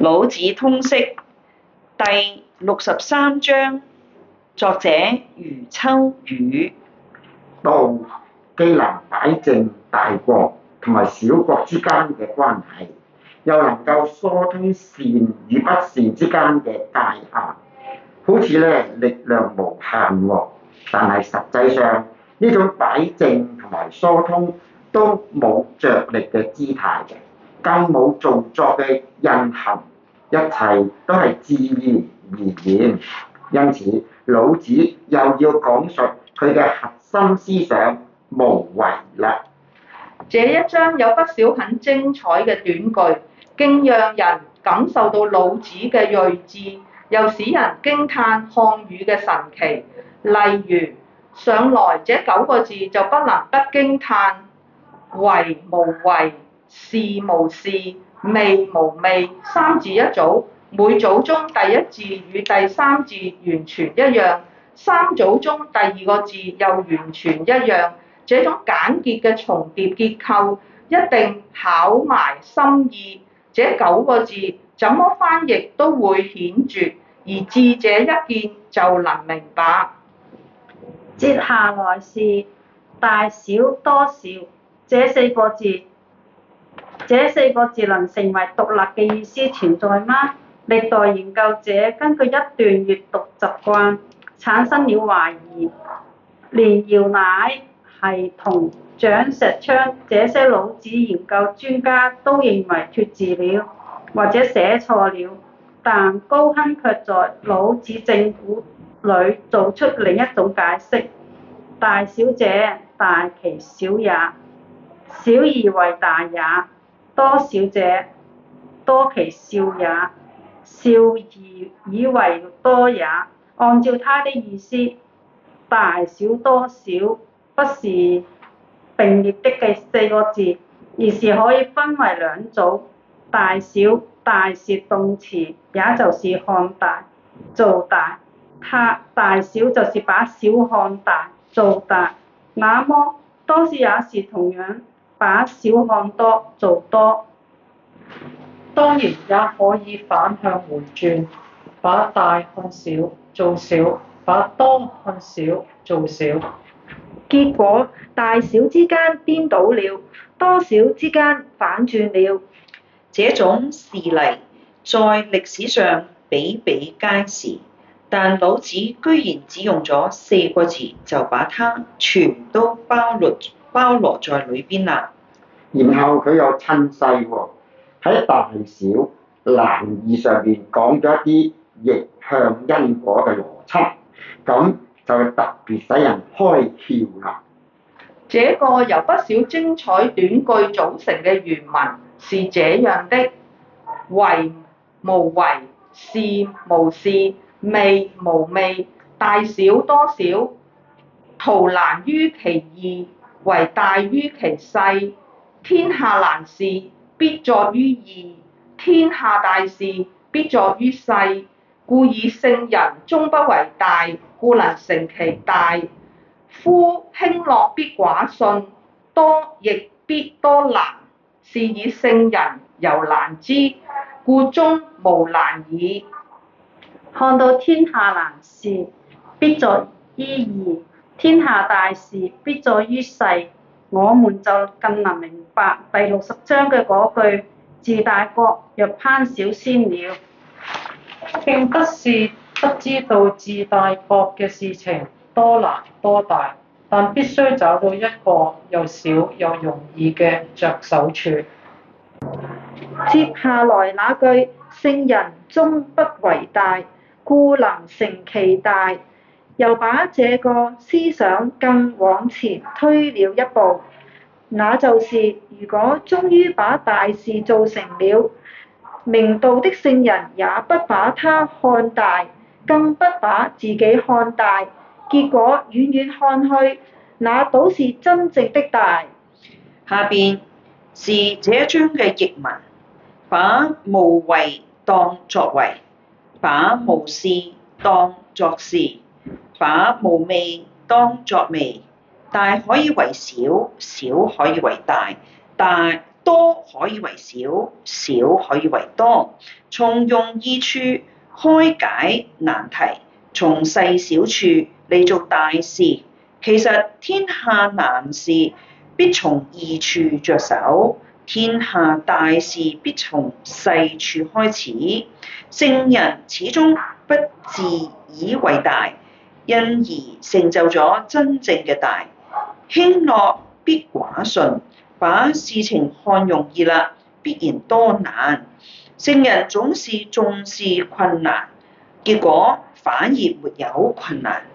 老子通釋第六十三章，作者余秋雨，道既能擺正大國同埋小國之間嘅關係，又能夠疏通善與不善之間嘅界限，好似咧力量無限喎，但係實際上呢種擺正同埋疏通都冇着力嘅姿態嘅。更冇做作嘅印痕，一切都係自然而然。因此，老子又要講述佢嘅核心思想：無為啦。這一章有不少很精彩嘅短句，竟讓人感受到老子嘅睿智，又使人驚歎漢語嘅神奇。例如，上來這九個字就不能不驚歎：為無為。事無事，味無味，三字一組，每組中第一字與第三字完全一樣，三組中第二個字又完全一樣。這種簡潔嘅重疊結構一定考埋心意。這九個字怎麼翻譯都會顯著，而智者一見就能明白。接下來是大小多少，這四個字。這四個字能成為獨立嘅意思存在嗎？歷代研究者根據一段閲讀習慣產生了懷疑，連姚鼐係同蔣石昌這些老子研究專家都認為脫字了或者寫錯了，但高亨卻在《老子正詁》裡做出另一種解釋：大小者，大其小也，小而為大也。多少者，多其少也，少而以，以為多也。按照他的意思，大小多少不是並列的嘅四個字，而是可以分為兩組。大小，大是動詞，也就是看大做大，它大小就是把小看大做大。那麼多少也是同樣。把小看多做多，當然也可以反向回轉，把大看少做少，把多看少做少，結果大小之間顛倒了，多少之間反轉了，這種事例在歷史上比比皆是，但老子居然只用咗四個字就把它全都包攏。包羅在裏邊啦。然後佢又趁勢喎，喺大小難易上面講咗一啲逆向因果嘅邏輯，咁就特別使人開竅啦。這個由不少精彩短句組成嘅原文是這樣的：為無為，事無事，味無味，大小多少，圖難於其易。為大於其細，天下難事必作於易，天下大事必作於細。故以聖人終不為大，故能成其大。夫輕諾必寡信，多易必多難。是以聖人猶難之，故終無難矣。看到天下難事，必作於易。天下大事必在於細，我們就更能明白第六十章嘅嗰句：治大國若烹小鮮了。並不是不知道治大國嘅事情多難多大，但必須找到一個又小又容易嘅着手處。接下來那句聖人終不為大，故能成其大。又把這個思想更往前推了一步，那就是如果終於把大事做成了，明道的聖人也不把他看大，更不把自己看大，結果遠遠看去，那倒是真正的大。下邊是這章嘅譯文，把無為當作為，把無事當作事。把無味當作味，大可以為小，小可以為大；大多可以為小，小可以為多。從容易處開解難題，從細小，小處嚟做大事。其實天下難事必從易處着手，天下大事必從細處開始。聖人始終不自以為大。因而成就咗真正嘅大，輕諾必寡信。把事情看容易啦，必然多難。聖人總是重視困難，結果反而沒有困難。